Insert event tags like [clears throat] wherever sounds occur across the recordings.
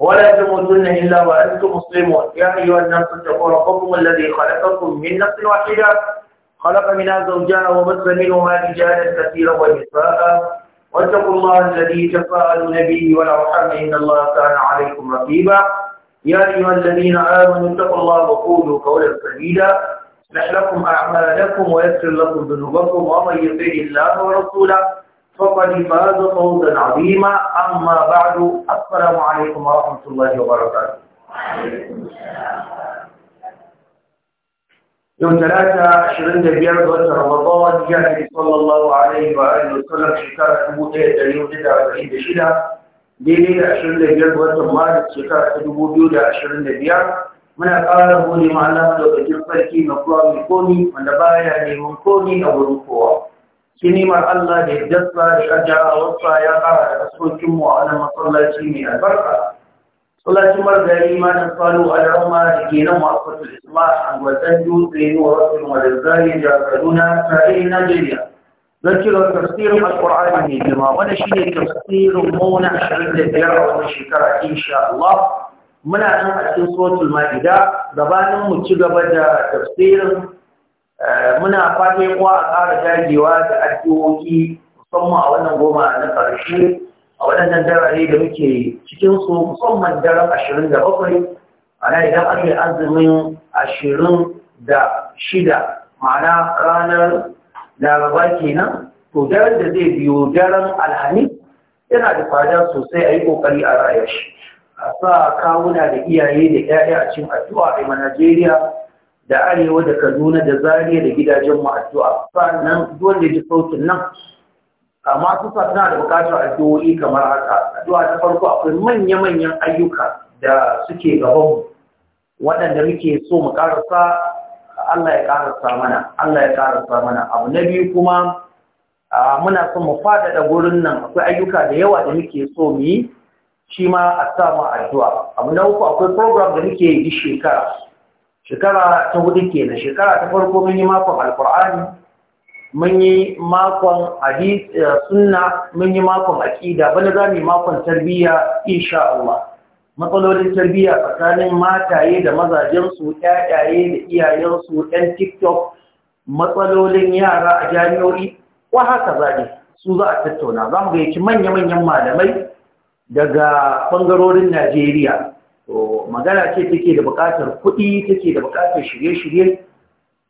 ولا تموتن إلا وأنتم مسلمون يا أيها الناس اتقوا ربكم الذي خلقكم من نفس واحدة خلق منها زوجها وبث منهما رجالا كثيرا ونساء واتقوا الله الذي تساءلون به والأرحام إن الله كان عليكم رقيبا يا أيها الذين آمنوا اتقوا الله وقولوا قولا سديدا يصلح لكم أعمالكم ويغفر لكم ذنوبكم ومن يطع الله ورسوله فقد فاز فوزا عظيما اما بعد السلام عليكم ورحمه الله وبركاته يوم ثلاثة عشرين دبيار دوات رمضان جاهد صلى الله عليه وآله وسلم شكارة تبوتة يتليون جدا عشرين دشيدة ديلي عشرين دبيار دوات رمضان شكارة تبوتة يودا عشرين دبيار من أقاله لما لم تجد فلكي مقرام يكوني من دبايا لمنكوني أو رفوه kinimar Allah da yadda da ajawarsa ya ƙara da sokin a wani masallaci mai albarka. Masallacin margari malam Salu Al'umma da ke nan wasu Isma a gwazan dutse wa wasu wadazzari da Kaduna tare Najeriya. Zan kira tafsirin Al-Qur'ani mai girma wanda shi ne tafsirin mauna ashirin da biyar a wani shekara insha Allah. Muna nan a cikin sotul ma'ida gabanin mu ci gaba da tafsirin Eh, muna fatan kuwa a ƙara dagewa da addu'o'i musamman a wannan goma na ƙarshe a waɗannan darare da muke cikin su musamman daren ashirin da bakwai ana idan aka azumin ashirin da shida ma'ana ranar laraba kenan to daren da zai biyo daren alhamis yana da fada sosai a yi ƙoƙari a raya shi a sa kawuna da iyaye da 'ya'ya a cikin addu'a a Najeriya da arewa da kaduna da zariya da gidajen mu addu'a sannan duk da ji sautin nan amma su suna da bukatar addu'o'i kamar haka addu'a ta farko akwai manya-manyan ayyuka da suke gabanmu waɗanda muke so mu ƙarasa, Allah ya ƙarasa mana Allah ya ƙarasa mana abu na biyu kuma muna son mu faɗaɗa gurin nan akwai ayyuka da yawa da muke so mu yi shi ma a sa addu'a abu na uku akwai program da muke yi shekara shekara ta hudu kenan shekara ta farko mun yi makon alkur'ani mun yi makon eh, sunna mun yi makon aƙida bana za mu yi makon tarbiyya insha Allah matsalolin tarbiyya tsakanin mataye da mazajensu ƴaƴaye da iyayensu ɗan tiktok matsalolin yara a jami'o'i wa haka zaɗe su za a tattauna za mu gayyaci manya-manyan malamai daga ɓangarorin najeriya to magana ce take da buƙatar kuɗi take da buƙatar shirye-shirye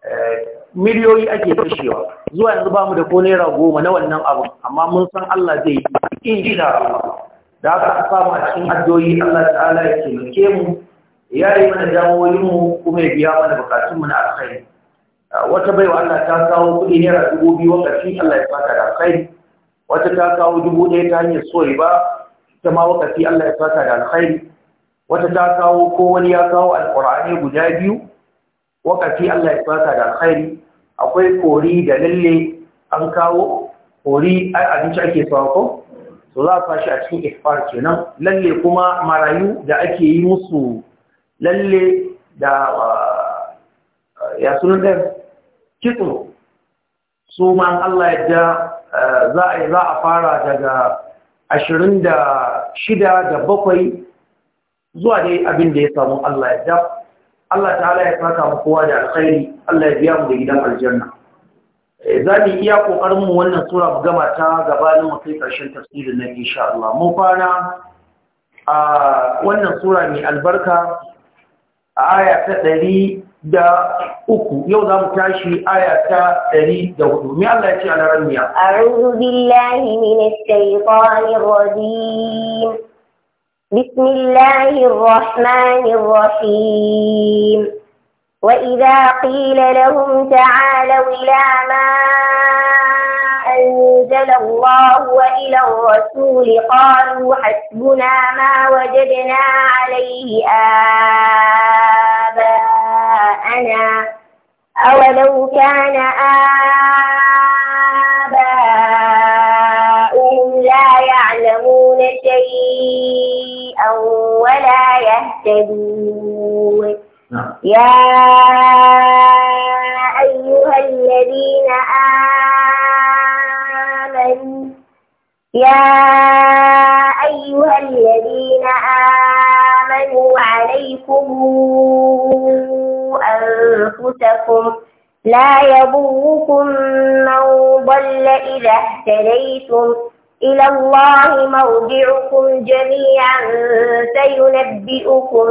eh, miliyoyi ake kashewa zuwa yanzu ba mu da ko naira goma na wannan abu amma mun san Allah zai yi in sha Allah da aka an samu a cikin addu'o'i Allah ta'ala ya taimake mu ya yi mana damuwoyin mu kuma ya biya mana bukatun mu na alkhairi eh, wata baiwa Allah ta kawo kuɗi naira dubu biyu wakati Allah ya fata da alkhairi wata ta kawo dubu ɗaya ta hanyar soyayya ba ita ma wakati Allah ya fata da alkhairi wata ta kawo ko wani ya kawo alƙur'ani guda biyu wakati Allah ya fata da alkhairi akwai kori da lalle an kawo kori abinci ake sawa ko so za a fashi a cikin ifar kenan lalle kuma marayu da ake yi musu lalle da ya sunan da kitso su ma Allah ya da eh, za a fara daga ashirin da shida da bakwai zuwa dai abin da ya samu Allah ya ja Allah ta'ala ya saka mu kowa da alkhairi Allah ya biya mu da gidan aljanna eh, za mu iya kokarin mu wannan sura mu gama ta gabanin mu kai karshen tafsirin nan insha Allah mu fara a wannan sura mai albarka a aya ta ɗari da uku yau za mu tashi aya ta ɗari da hudu mai Allah ya ce a ranar miya. A rubu billahi ne na shaifanin rajim. بسم الله الرحمن الرحيم وإذا قيل لهم تعالوا إلى ما أنزل الله وإلى الرسول قالوا حسبنا ما وجدنا عليه آباءنا أولو كان آباءنا شيئا ولا يهتدون نعم. يا أيها الذين آمنوا يا أيها الذين آمنوا عليكم أنفسكم لا يضركم من ضل إذا اهتديتم إلى الله مرجعكم جميعا فينبئكم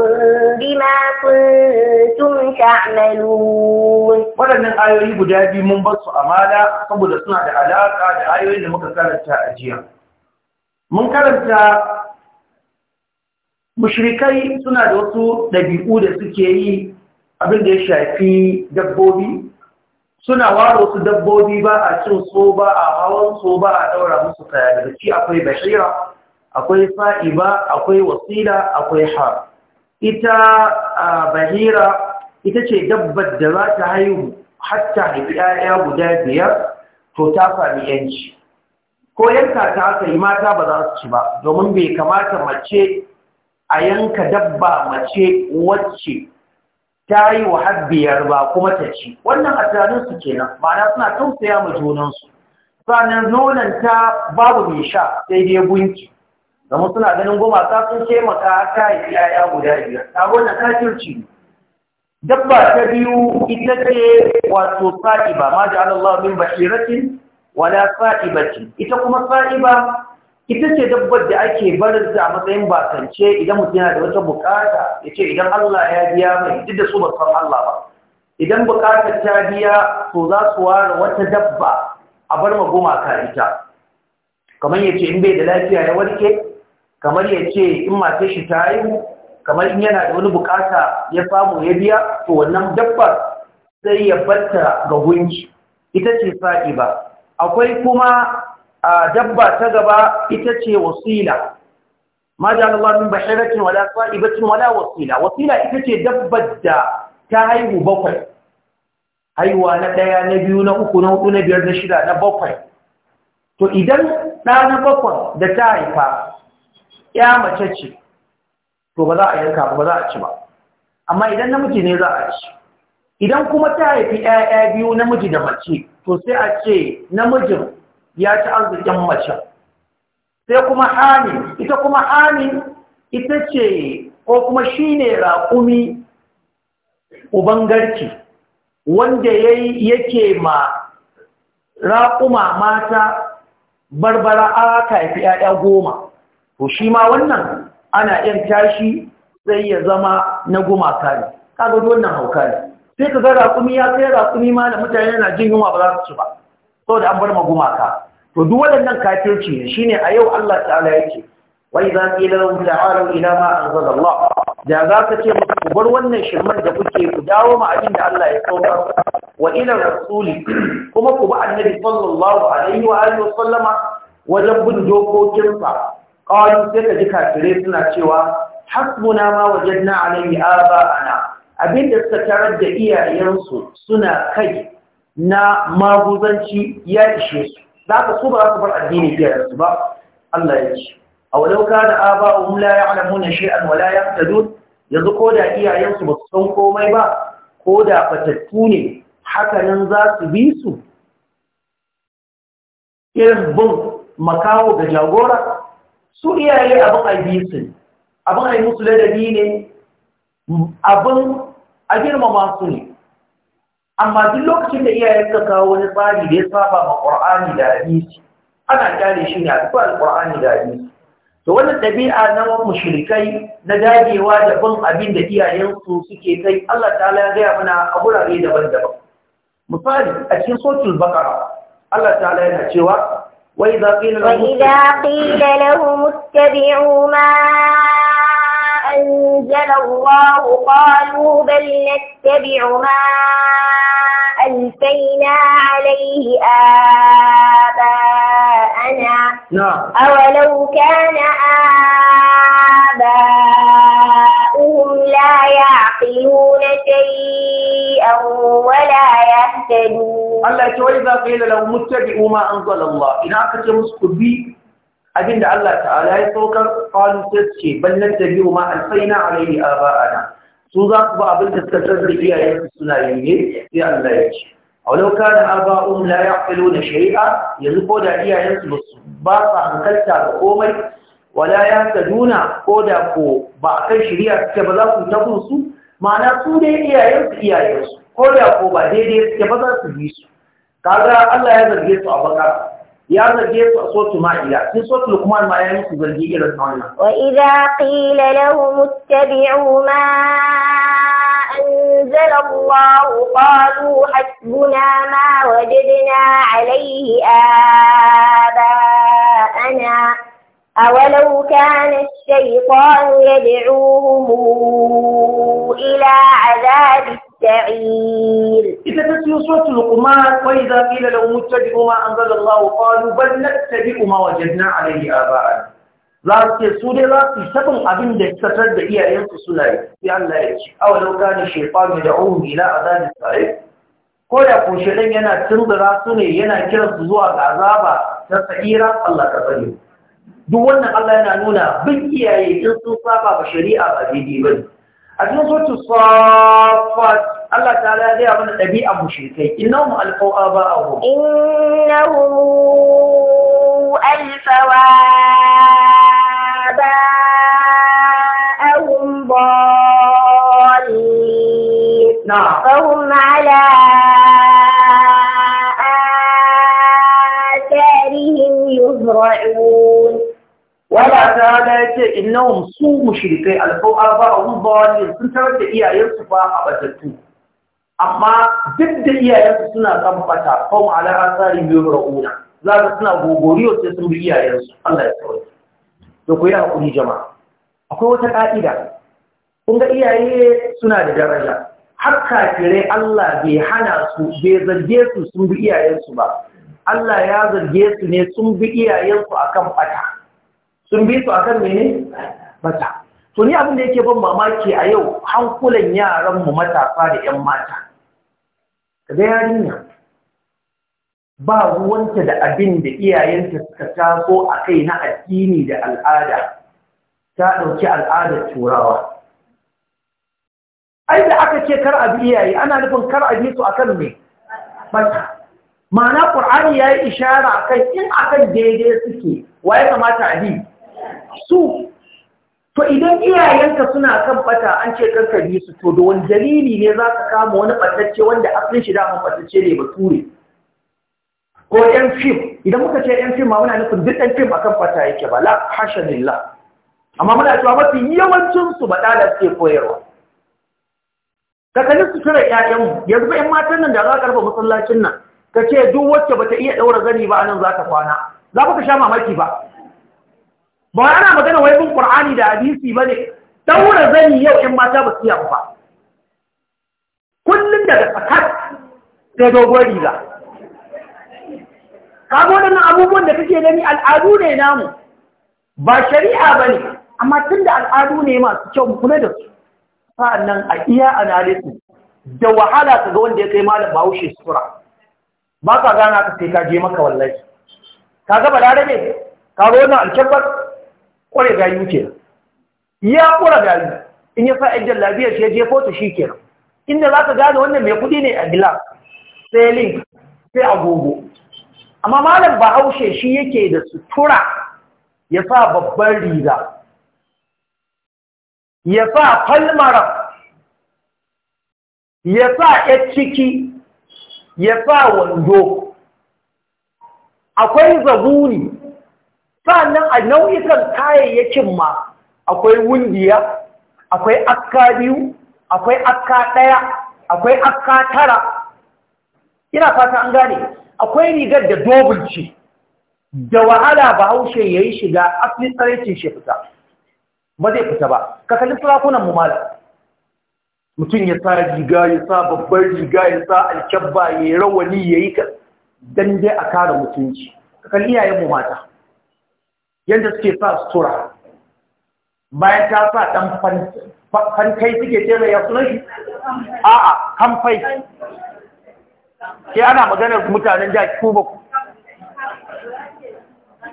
بما كنتم تعملون waɗannan ayoyi guda biyu mun bar su amala saboda suna da alaƙa da ayoyin da muka karanta a jiya mun karanta mushrikai suna da wasu ɗabi'u da suke yi abin da ya shafi dabbobi suna waro wasu dabbobi ba a cin so ba a hawan so ba a daura musu kaya daga ci akwai bashira akwai fa'iba akwai wasila akwai har ita bahira ita ce dabbar da za ta haihu hatta haifi ‘ya'ya guda biyar to ta sami yanci ko yanka ta haka yi mata ba za su ci ba domin bai kamata mace a yanka dabba mace wacce ta yi wa habbiyar ba kuma ta ci wannan a tunaninsu kenan ma'ana suna tausaya ma junansu sannan nonon ta babu mai sha sai dai gunki zama suna ganin gumaka sun taimaka ta yi yaya guda biyar ta wannan kafirci ne dabba ta biyu ita ce wato sa'iba ma ja'ala Allah min bashiratin wala sa'ibatin ita kuma sa'iba ita ce dabbar da ake barin ta a matsayin bakance idan mutum yana da wata bukata ya ce idan Allah ya biya mai duk da su ba san Allah ba idan bukatar ta biya to za su ware wata dabba a bar ma ka ita kamar ya ce in bai da lafiya ya warke kamar ya ce in mace shi ta haihu kamar in yana da wani bukata ya samu ya biya to wannan dabbar sai ya batta ga gunki ita ce sa'i ba akwai kuma A dabba ta gaba ita ce wasila ma ji Allah min bahiratin wala sa'ibatin wala wasila wasila ita ce dabbar da ta haihu bakwai haihuwa na ɗaya na biyu na uku na hudu na biyar na shida na bakwai to idan ɗa na bakwai da ta haifa ya mace ce to ba za a yanka ba za a ci ba amma idan namiji ne za a ci idan kuma ta haifi ɗaya biyu namiji da mace to sai a ce namijin ya ci arzikin mace sai kuma hani ita kuma hani ita ce ko kuma shi ne raƙumi ubangarci. wanda yake ma raƙuma mata barbara aka haifi ‘ya'ya goma to shi ma wannan ana ‘yan tashi sai ya zama na gumaka ne ƙagar wannan hauka ne sai ka ga raƙumi ya kai raƙumi ma da mutane na jin yunwa ba za su ci ba Sau da an bar ma gumaka to duk waɗannan kafirci ne shine a yau Allah ta'ala yake wa idza qila lahum ta'alu ila ma anzala Allah da za ka ce muku ku bar wannan shirman da kuke ku dawo ma abin da Allah ya saukar wa ila rasuli [clears throat] kuma ku ba annabi sallallahu alaihi wa alihi sallama wajen bin dokokinsa qalu sai ka ji kafirai suna cewa hasbuna ma wajadna alaihi aba'ana abin da suka tarar da iyayensu suna kai na maguzanci ya ishe su za ka su ba za su bar addini fiye da su ba Allah ya ce a walau kana aba'uhum la ya'lamuna shay'an wa la yahtadun yanzu ko da iyayensu ba su san komai ba ko da fatattu ne hakanan za su bi su irin bin makawo ga jagora su iyaye abin a bi su abin a yi musu ladabi ne abin a girmama su ne amma duk lokacin da iyayen ka kawo wani tsari da ya saba ma qur'ani da hadisi ana kare shi ne a cikin qur'ani da hadisi to wannan dabi'a na mushrikai na dagewa da bin abin da iyayen su suke kai Allah ta'ala ya gaya mana a gurare daban-daban misali a cikin suratul baqara Allah ta'ala yana cewa وإذا قيل لهم, وإذا قيل لهم اتبعوا ما أنزل الله قالوا بل نتبع ما ألفينا عليه آباءنا نعم أولو كان آباؤهم لا يعقلون شيئا ولا يهتدون الله يقول إذا قيل لو متبعوا ما أنزل الله إن أكت مسكبي أبين الله تعالى يتوكر قالوا سيسكي بل نتبعوا ما ألفينا عليه آباءنا su za ku ba abin da da iyayen suna yi sai Allah ya ce a wani kana arba'un la yaqilu da shari'a yanzu ko da iyayen su ba su hankalta ga komai wala ya kaduna ko da ko ba kan shari'a suke ba za ku tafi su ma'ana su dai iyayen su iyayen su ko da ko ba daidai suke ba za su bi su kaga Allah ya zarge su a baka وإذا قيل لهم اتبعوا ما أنزل الله قالوا حسبنا ما وجدنا عليه آباءنا أولو كان الشيطان يدعوهم إلى عذاب السعير إذا تتلو سورة لقمان وإذا قيل لهم اتبعوا ما أنزل الله قالوا بل نتبع ما وجدنا عليه آباءنا za su dai za su sabon abin da tattar da iyayensu suna yi sai Allah ya ce awa lau gane shefanu da ohun ila a zanen ko da ko yana tunzura su ne yana kiransu zuwa ga azaba ta Allah ka Sani. duk wannan Allah yana nuna bin iyaye in sun saba ba shari'a ba daidai ba ne النفط الصافات الله تعالى ذي أبن النبي أبو شركي إنهم ألقوا آباءهم إنه ألف وآباءهم ضالين نعم فهم على Allah ta da ya ce innahum su mushrikai alfau arba'un dhalin sun tarar da iyayensu ba a batattu amma duk da iyayensu suna kambata fam ala asari bi rauna za ka suna gogori wace sun bi iyayensu Allah ya tsare to ku yi hakuri jama'a akwai wata ka'ida kun ga iyaye suna da daraja har kafirai Allah bai hana su bai zarge su sun bi iyayensu ba Allah ya zarge su ne sun bi iyayensu akan bata sun bi su akan mene mata to abin da yake ban mamaki a yau hankulan yaran mu matasa da yan mata Da yarinya ba ruwanta da abin da iyayenta suka taso a kai na addini da al'ada ta ɗauki al'adar turawa ai da aka ce kar abi iyaye ana nufin kar abi su akan me mata ma'ana ƙur'ani ya yi ishara kan in akan daidai suke waye kamata a bi su to idan iyayenka suna kan bata an ce karka su to da wani dalili ne za ka kama wani batacce wanda asalin shi daman batacce ne ba ture? ko yan fim idan muka ce yan fim ma muna nufin duk yan fim akan bata yake ba la hasha lillah amma muna cewa mafi yawancin su da suke koyarwa kakanni su cire ƴaƴan yanzu ba ƴan matan nan da za ka rufe masallacin nan ka ce duk wacce bata iya ɗaura zani ba nan za ta kwana za ka sha mamaki ba ba ana magana wai bin qur'ani da hadisi bane daura zani yau in mata ba su yi ba kullun daga tsakar da dogon riga kaga nan abubuwan da kake gani al'adu ne namu ba shari'a bane, amma tun da al'adu ne masu kyau kula da su sa'annan a iya analisis da wahala ka ga wanda ya kai malam bahaushe sura ba ka gana ka sai ka je maka wallahi ka ga balarabe ka ga wannan kware gayu ke ya kura gayu in ya sa jan labiyar shi ya jefo ta shi ke inda za ka gane wannan mai kudi ne a gila sai sai agogo amma malam bahaushe shi yake da sutura ya sa babban riga ya sa falmara ya sa ‘yar ciki ya sa wando akwai zabuni sannan a nau'ikan kayayyakin ma akwai wundiya akwai akka biyu akwai akka ɗaya akwai akka tara ina fata an gane akwai rigar da dobulci da wahala ba haushe ya yi shiga asalin tsaraicin shi fita ba zai fita ba ka kalli sarakunan mu malam mutum ya sa riga ya sa babbar riga ya sa alkyabba ya yi rawani ya yi dan dai a kare mutunci ka kalli iyayen mu mata yadda suke sa sutura bayan ta sa ɗan fankai suke ce mai yasunan shi a'a kamfai ke ana maganar mutanen da kuma.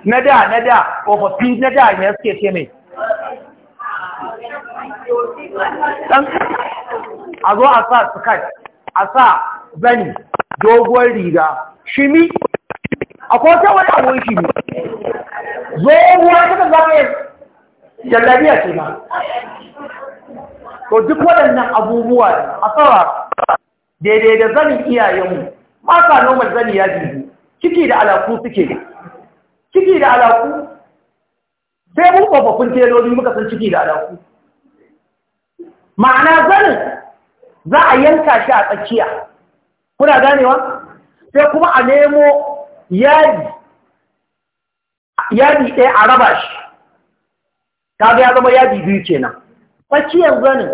na da na da ofafi na da ne suke ce mai a zo a sa sukat a sa zani dogon riga shimi akwai wata wani shi shimi zo ruwa kada za ka jallabiya ce ma to duk waɗannan abubuwa a tsara daidai da zanin iyayenmu mata noma zani ya jibi ciki da alaƙu suke ciki da alaƙu, sai mun tsofaffin teloli muka san ciki da alaƙu. ma'ana zanin za a yanka shi a tsakiya kuna ganewa sai kuma a nemo yaji yadi ɗaya a raba shi kaga ya zama yadi biyu kenan tsakiyar zanin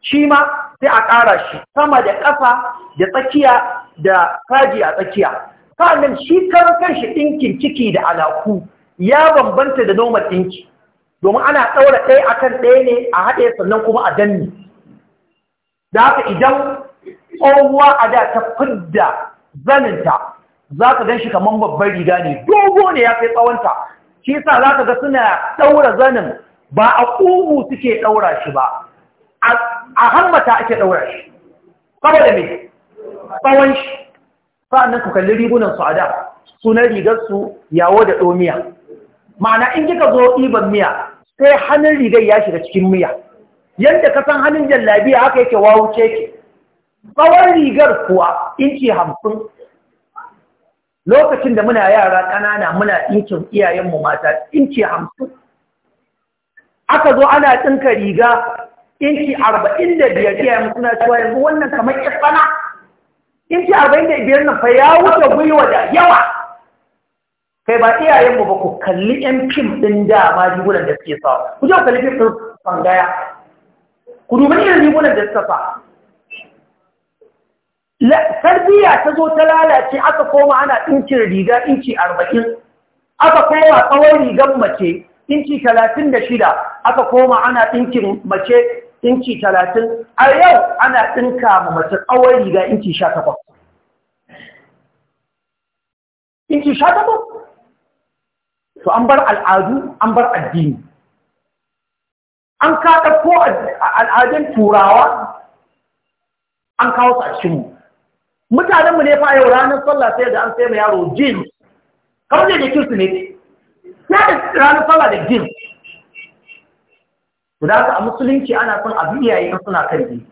shi ma sai a ƙara shi sama da ƙasa da tsakiya da kaji a tsakiya sa'annan shi kan shi ɗinkin ciki da alaku ya bambanta da nomar ɗinki domin ana ɗaura ɗaya a kan ɗaya ne a haɗe sannan kuma a danni. da haka idan tsohuwa a da ta fidda zaninta za ka gan shi kamar babbar riga ne dogo ne ya fi tsawonta shi sa za ka ga suna ɗaura zanin ba a ƙugu suke ɗaura shi ba a hammata ake ɗaura shi kama da mai tsawon shi sa'annan ku kalli rigunan su a da sunan rigarsu yawo da ɗomiya ma'ana in kika zo ɗiban miya sai hannun rigar ya shiga cikin miya yadda ka san hannun jallabiya haka yake wawuce ki tsawon rigar kuwa inci hamsin lokacin da muna yara ƙanana muna ɗinkin iyayenmu mata ɗinki hamsin aka zo ana ɗinka riga ɗinki arba'in da biyar iyayenmu suna cewa yanzu wannan kamar ƙasana ɗinki arba'in da biyar nan fa ya wuce gwiwa da yawa kai ba iyayenmu ba ku kalli ƴan fim ɗin da ma rigunan da suke sawa ku je ku kalli fim ɗin sangaya ku dubi irin rigunan da suka sa tarbiyya ta zo ta lalace aka koma ana ɗinkin riga inci arba'in aka koma tsawon rigar mace inci talatin da shida aka koma ana ɗinkin mace inci talatin a yau ana ɗinka ma mace tsawon riga inci sha takwas inci sha takwas to an bar al'adu an bar addini an kaɗa ko al'adun turawa an kawo su a cikinmu mutanenmu ne fa yau ranar sallah sai da an sai ma yaro jin kamar da kirsu ne sai da ranar sallah da jin guda ka a musulunci ana son a iyaye in suna kan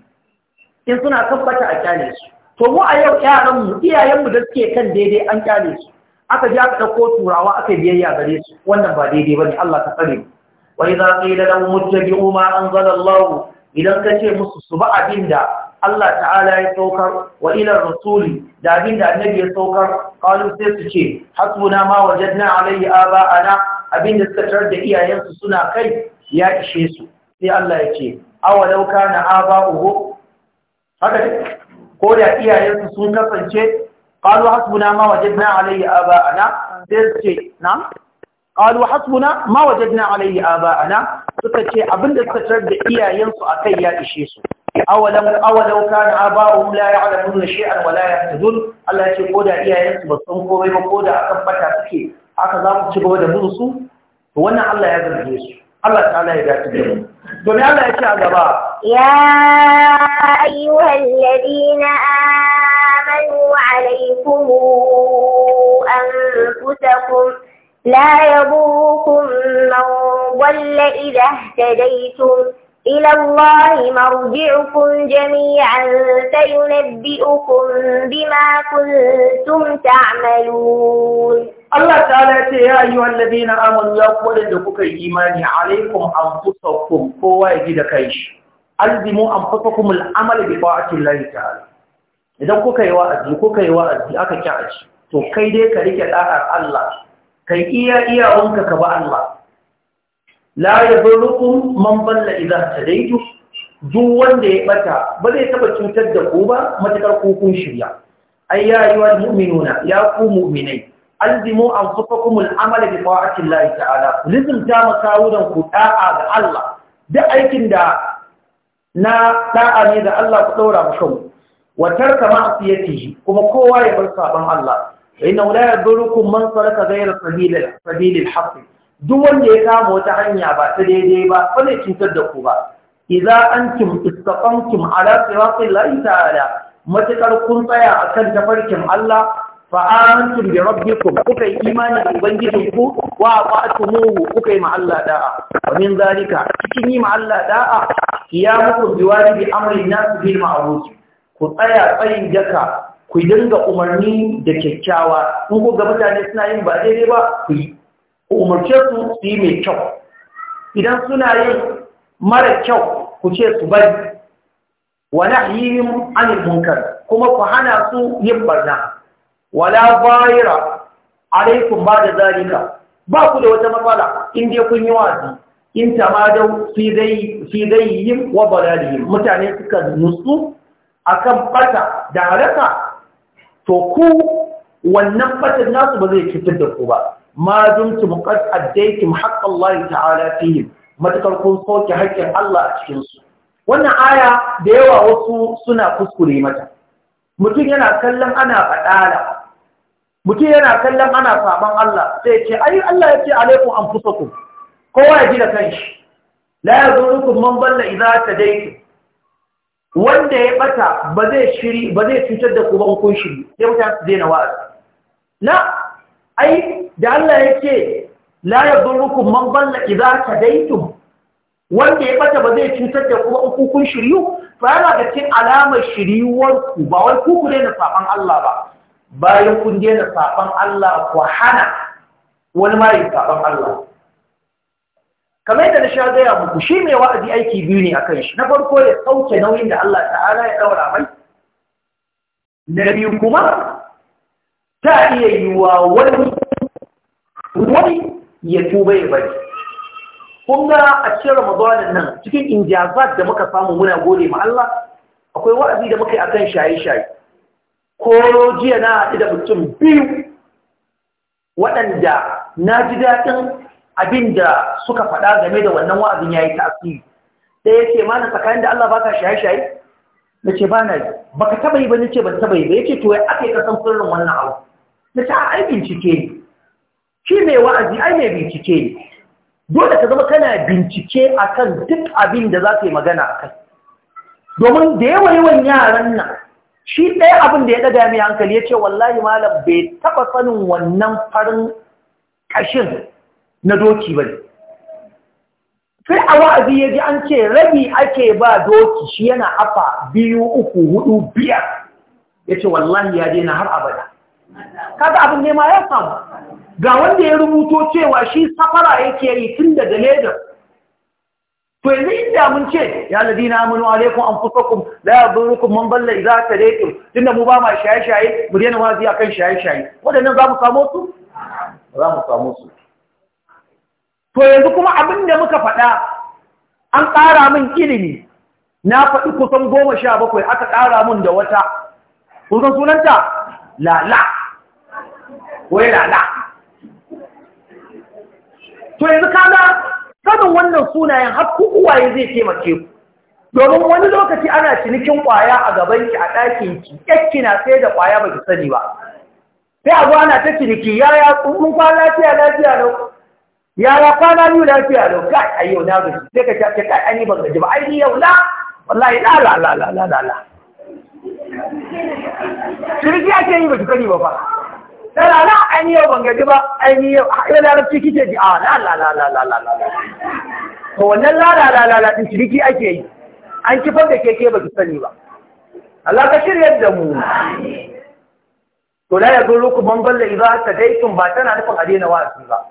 in suna tabbata a kyale su to mu a yau yaranmu iyayenmu da suke kan daidai an kyale su aka ji aka ɗauko turawa aka biyayya gare su wannan ba daidai ba ne Allah ka tsare wa idza qila lahum muttabi'u ma anzala idan ka ce musu su ba abinda Allah ta'ala ya saukar wa ilar rasuli da abin da annabi ya saukar kalu sai su ce hasbuna ma wajadna alayhi aba ana abin da suka tar da iyayensu suna kai ya ishe su sai Allah ya ce awalau kana aba uhu haka ko da iyayensu sun kasance kalu hasbuna ma wajadna alayhi aba ana sai su ce na قالوا حسبنا ما وجدنا عليه آباءنا suka ce abinda suka tar da iyayensu akai ya ishe su awalan awalan kana aba'uhum la ya'lamuna shay'an wa la yahtadun Allah yace ko da iyayensu ba san komai ba ko da akan bata suke haka za ku ci gaba da musu su to wannan Allah ya zarge su Allah ta'ala ya dace da mu to me Allah yace a gaba ya ayyuhalladhina amanu alaykum anfusakum لا يضركم من ضل إذا اهتديتم إلى الله مرجعكم جميعا فينبئكم بما كنتم تعملون Allah ta'ala ce ya yi wallabi na amon ya waɗanda kuka yi imani alaikum an fusakkum kowa ya ji da kai shi alzimu an fusakkum al'amal bi ba'atin lahi ta'ala idan kuka yi wa'azi kuka yi wa'azi aka to kai dai ka rike da'ar Allah kai iya iyawanka ka ba Allah la yadurrukum man balla idza tadaytu duk wanda ya bata ba zai taba cutar da ku ba matakar kukun shirya Ai ya mu'minuna ya ku mu'minai alzimu anfusakum al'amal bi ta'ati Allah ta'ala lizimta makawudan ku da'a ga Allah da aikin da na da'a ne da Allah ku daura mu kanku wa tarka ma'siyatihi kuma kowa ya bar saban Allah inna la rukun man salaka ghayra sabilil sabilil haqq duk wanda ya kama wata hanya ba ta daidai ba ba zai cutar da ku ba idza antum istaqamtum ala siratil lahi ta'ala matakar kun tsaya a kan tafarkin Allah fa amantum bi rabbikum kuka yi imani da ku? wa atumuhu kuka yi ma'alla da'a wa min zalika cikin yi ma Allah da'a qiyamukum bi wajibi amri nas bil ma'ruf ku tsaya tsayin daka, ku dinga umarni da kyakkyawa in ku ga mutane suna yin ba daidai ba ku yi ku umarce su su yi mai kyau idan suna yi mara kyau ku ce su bari wa nahyihim anil kuma ku hana su yin barna wala bayira alaikum ba da zarika. ba ku da wata matsala inda dai kun yi wazi in tamadau fi yi wa balalihim mutane suka nutsu akan fata da haraka to ku wannan fatan nasu ba zai cutar da ku ba ma dumtum qad addaytum haqqallahi ta'ala fihim matakar kun soke haƙƙin Allah a cikin su wannan aya da yawa wasu suna kuskure mata mutum yana kallon ana fadala mutum yana kallon ana saban Allah sai ce ai Allah ya ce alaikum anfusakum kowa ya ji da kanshi la yazurukum man balla idza tadaytum wanda ya bata ba zai shiri ba zai cutar da ku ba kun shiri sai mutane su daina wa'azi na ai da Allah yake la rukun man dalla idza tadaitum wanda ya bata ba zai cutar da kuma uku kun shiryu fa yana da cin alamar shiryuwar ku ba wai ku ku daina saban Allah ba bayan kun daina saban Allah ku hana wani ma yi saban Allah kamar yadda na sha gaya muku shi mai wa'azi aiki biyu ne akan shi na farko ya sauke nauyin da Allah ta'ala ya daura mai na biyu kuma ta iya yiwuwa wani wani ya tuba ya bari kun ga a cikin ramadanin nan cikin injazat da muka samu muna gode ma Allah akwai wa'azi da muka yi akan shaye-shaye ko jiya na haɗu da mutum biyu waɗanda na ji daɗin abin da suka faɗa game da wannan wa'azin ya yi asiri ɗaya ce na tsakanin da Allah ba ka shaye-shaye na ce ba na yi taba yi ba na ce ban taba yi ba ya ce to ya ake kasan sirrin wannan abu na ce ai bincike ne shi mai wa'azi ai mai bincike ne dole ka zama kana bincike akan duk abin da za ka yi magana a kai domin da yawa yawan yaran nan shi ɗaya abin da ya ɗaga mai hankali ya ce wallahi malam bai taɓa sanin wannan farin ƙashin na doki ba ne sai a wa'azi ya ji an ce rabi ake ba doki shi yana afa biyu uku hudu biyar ya ce wallahi ya daina har abada kaga abin nema ya samu ga wanda ya rubuto cewa shi safara yake yi tun daga Legas to yanzu inda mun ce ya an amanu alaikum ya la yadurukum man za ta tadaytum tunda mu ba ma shaye shaye mu daina wazi akan shaye shaye wadannan za mu samu su za mu samu su to yanzu kuma abin da muka faɗa an ƙara min ilimi na faɗi kusan goma sha bakwai aka ƙara min da wata kusan sunanta lala wai lala to yanzu kada sanin wannan sunayen har uwaye zai taimake ku domin wani lokaci ana cinikin ƙwaya a gabanki a ɗakinki ƙyakki na sai da ƙwaya ba ki sani ba sai a ana ta ciniki ya tsuntsun lafiya lafiya lau yara kwana biyu lafiya da kai ai yau na gaji sai ka ce kai ai ban gaji ba ai ni yau na wallahi la la la la la la shirki ake yi ba su kani ba fa la la la ai ni yau ban gaji ba ai ni yau ai da rafi kike ji a la la la la la la la to wannan la la la la la din shirki ake yi an kifar da keke ba su sani ba Allah ka shirya da mu to la yadurukum man ta dai tadaytum ba tana nufin a daina wa'azi ba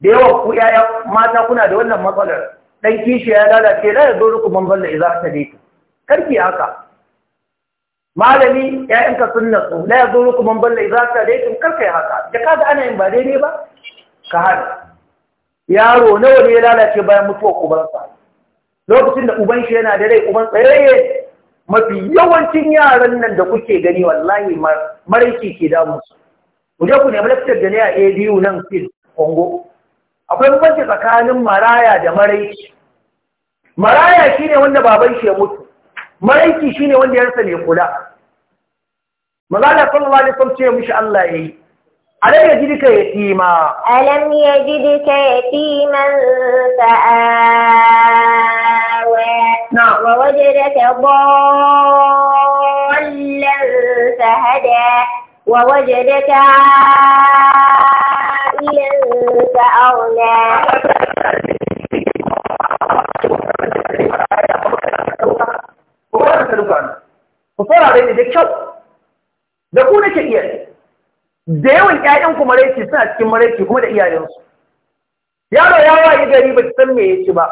da yawan ku yaya mata kuna da wannan matsalar dan kishi ya lalace la yadurukum man dalla idza tadaytu karki haka malami ka sun su la yadurukum man dalla idza tadaytu karki yi haka da kaga ana yin ba daidai ba ka hada yaro nawa ne ya lalace bayan mutuwar sa? lokacin da uban shi yana da rai uban tsayayye eh, mafi yawancin yaran nan da kuke gani wallahi maraiki ke su. ku je ku nemi lafiyar da ne a ADU nan fil Kongo akwai bambanci tsakanin maraya da maraiki maraya shine wanda baban shi ya mutu shi shine wanda 'yarsa ne kula magana sallallahu alaihi wasallam ce mishi Allah yayi alam yajidika yatima alam yajidika yatiman fa'awa na wa wajadaka dallan waje wa wajadaka إذا أغنى ku saurare da kyau da ku nake iyaye da yawan ƴaƴanku maraici suna cikin maraici kuma da iyayensu yaro ya wayi gari ba san me ya ci ba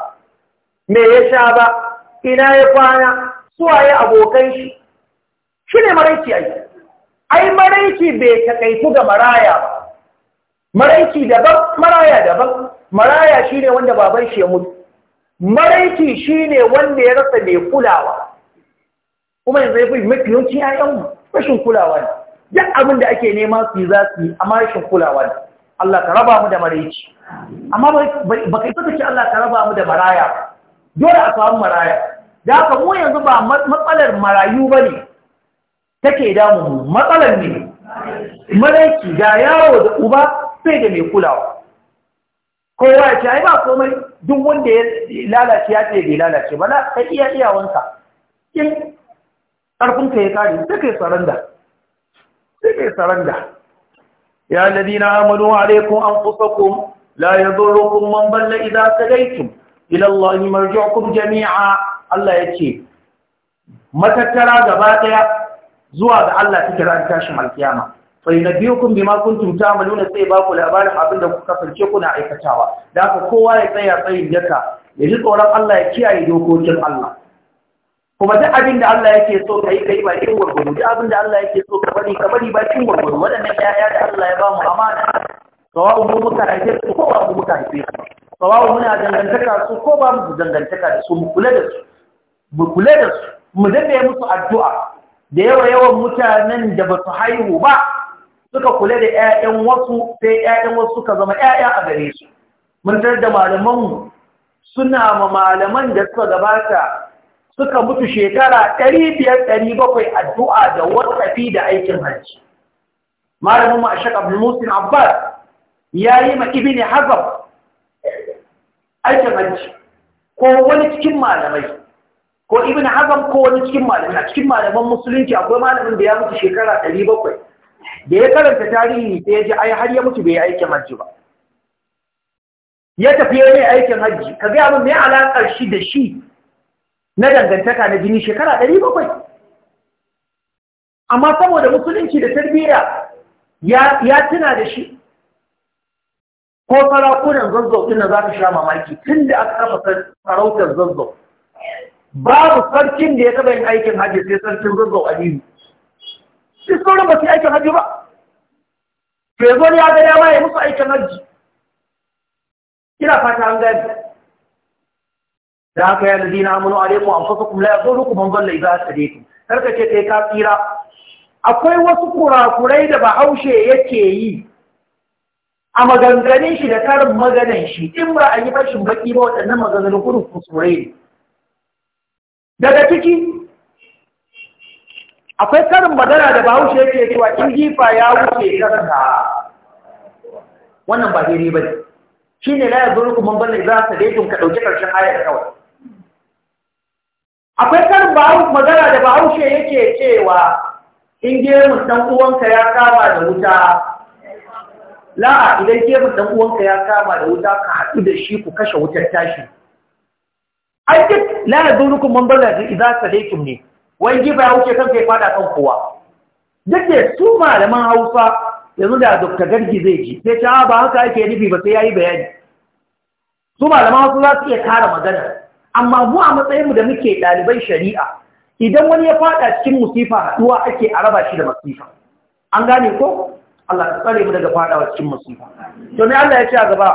me ya sha ba ina ya kwana suwaye abokan shi shi ne maraici ai ai maraici bai takaitu ga maraya ba maraici daban maraya daban maraya shine wanda baban shi ya mutu maraici shine wanda ya rasa mai kulawa kuma yanzu ya fi mafi ya ƴaƴanmu rashin kulawa ne duk abin da ake nema su yi za su yi amma rashin kulawa ne Allah ka raba mu da maraici amma ba ka isa ce Allah ka raba mu da maraya dole a samu maraya da haka mu yanzu ba matsalar marayu ba ne take damu matsalar ne maraiki ga yawo da uba sai da mai kulawa kowa ya ce ai ba komai duk wanda ya lalace ya ce bai lalace ba na ka iya wanka. in ƙarfinka ya kare sai kai saranda sai kai saranda ya ladina amanu alaikum anfusakum la yadurrukum man dalla idza tadaytum ila Allah marji'ukum jami'a Allah yace matattara gaba ɗaya zuwa ga Allah take ran tashin alkiyama fai na biyu kun bima kuntum ta'maluna sai ba ku labarin abin da kuka farce kuna aikatawa da haka kowa ya tsaya tsayin jaka. ya ji tsoron Allah ya kiyaye dokokin Allah kuma duk abin da Allah yake so kai kai ba kin gurguru duk abin da Allah yake so ka bari ka bari ba kin gurguru wadannan ƴaƴa da Allah ya ba mu amana sawawu mu muka haife su ko ba mu muka haife su sawawu muna dangantaka su ko ba mu dangantaka da su mu kula da su mu kula da su mu dade musu addu'a da yawa yawan mutanen da ba su haihu ba suka kula da 'ya'yan wasu sai 'ya'yan wasu suka zama 'ya'ya a gare su mun tar da malamanmu suna ma malaman da suka gabata suka mutu shekara bakwai a addu'a da wasafi da aikin hajji Malamanmu a ashaq musin abbas ya yi ma ne hazaf aikin hajji ko wani cikin malamai ko Ibn hazab ko wani cikin malamai a cikin malaman musulunci akwai malamin da ya mutu shekara 700 da ya karanta tarihi sai ya ji ai har ya mutu bai aikin hajji ba ya tafi yayin aikin hajji ka ga mun me alakar shi da shi na dangantaka na jini shekara 700 amma saboda musulunci da tarbiyya ya ya tuna da shi ko sarakunan zazzau din nan za ka sha mamaki tun da aka kafa sarautar zazzau babu sarkin da ya taba yin aikin hajji sai sarkin zazzau aliyu shi sauran ba su aikin hajji ba bai zo ya ga dama ya musu aikin hajji ina fata an gani da haka ya ladina amanu alaikum anfusakum la yadurukum man dalla idza hadaytum karka ce kai ka tsira akwai wasu kurakurai da bahaushe yake yi a maganganun shi da karin maganan shi in ba a yi fashin baki ba waɗannan maganganun kurin kusurai ne daga ciki akwai karin magana da bahaushe yake cewa in jifa ya wuce karanta wannan ba daidai ba ne shi ne na yanzu rukun mun bane za su daidun ka ɗauki ƙarshen da kawai akwai karin magana da bahaushe yake cewa in gemun ɗan uwanka ya kama da wuta la'a idan gemun ɗan uwanka ya kama da wuta ka haɗu da shi ku kashe wutar tashi ai duk la'a zuwa rukun mun bane za su daidun ne wai giba ya wuce kan kai fada kan kowa duk da su malaman hausa yanzu da Dr. gargi zai ji sai ta ah, ba haka ake nufi ba sai ya yi bayani su malaman hausa za su iya kara magana amma mu a matsayinmu da muke ɗalibai shari'a idan wani ya fada cikin musifa haɗuwa ake a raba shi da masifa an gane ko Allah ta tsare mu daga fadawa cikin musifa to me Allah ya ce a gaba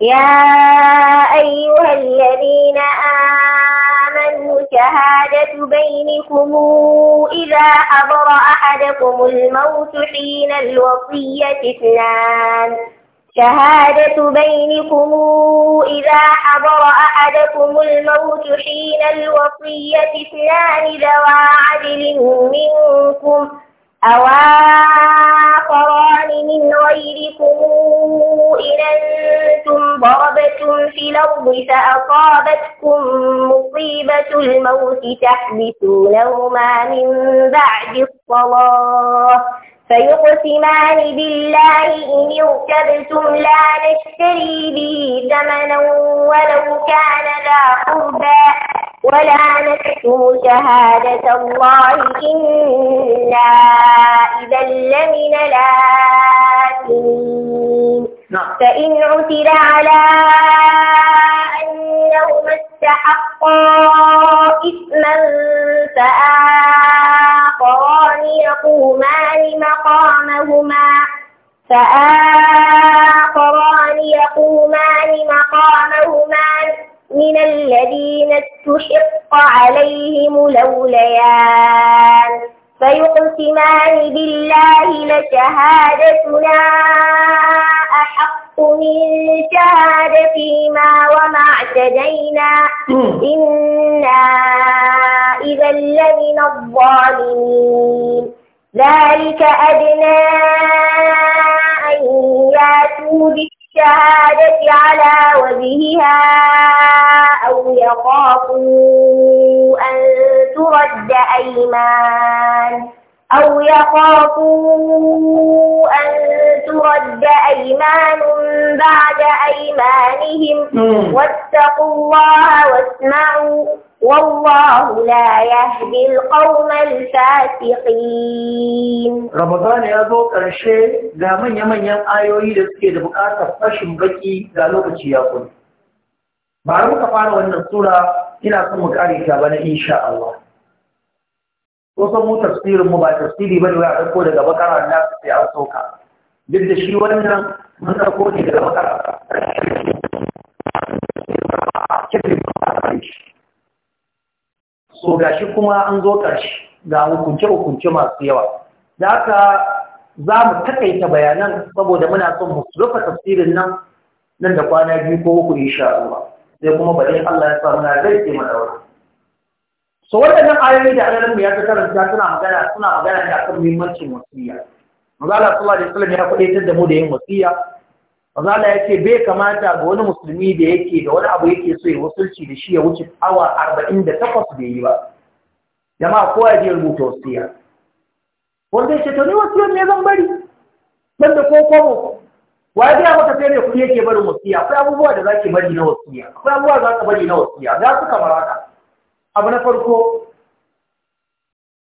ya ayyuhal ladina amanu آمنوا شهادة بينكم إذا حضر أحدكم الموت حين الوصية اثنان شهادة بينكم إذا حضر أحدكم الموت حين الوصية اثنان ذوى عدل منكم أوان الأرض فأصابتكم مصيبة الموت تحبسونهما من بعد الصلاة فيقسمان بالله إن ارتبتم لا نشتري به ثمنا ولو كان ذا قربى ولا نكتم شهادة الله إنا إذا لمن الآثمين نعم. فإن عثر على أنهما استحقا إثما فآخران يقومان مقامهما فآخران يقومان مقامهما من الذين استحق عليهم لوليان فيقسمان بالله لشهادتنا أحق من شهادتهما وما اعتدينا إنا إذا لمن الظالمين ذلك أدنى أن ياتوا الشهادة على وجهها أو يخافوا أن ترد أيمان أو يخافوا أن ترد أيمان بعد أيمانهم واتقوا الله واسمعوا والله ya يهدي القوم zo ƙarshe ga manya-manyan ayoyi da suke da buƙatar fashin baƙi ga lokaci ya kuma ba muka fara wannan sura ina son mu kare ta bana insha Allah kusan mu tafsirin mu ba tafsiri ba wai a ɗauko daga bakara da sai an sauka duk da shi wannan mun daga bakara so shi kuma an zo ƙarshe ga hukunce-hukunce masu yawa da haka za mu takaita bayanan saboda muna son mu rufe tafsirin nan nan da kwana biyu ko uku insha Allah sai kuma bari Allah ya sa muna zai ce mu daura so waɗannan ayoyi da alalan mu ya ta karanta suna magana suna magana da akan muhimmancin wasiya mazala sallallahu alaihi ya faɗaitar da mu da yin wasiya Mazala ya ce bai kamata ga wani musulmi da yake da wani abu yake so ya wasulci da shi ya wuce awa arba'in da takwas bai yi ba. Jama'a kowa ya je rubuta wasiya. Wanda ya ce to ni wasiyar ne zan bari. Ban da ko komo. Wa ya maka sai ne kuɗi yake barin wasiya. Akwai abubuwa da za bari na wasiya. Akwai abubuwa za ka bari na wasiya. Za su kamar haka. Abu na farko.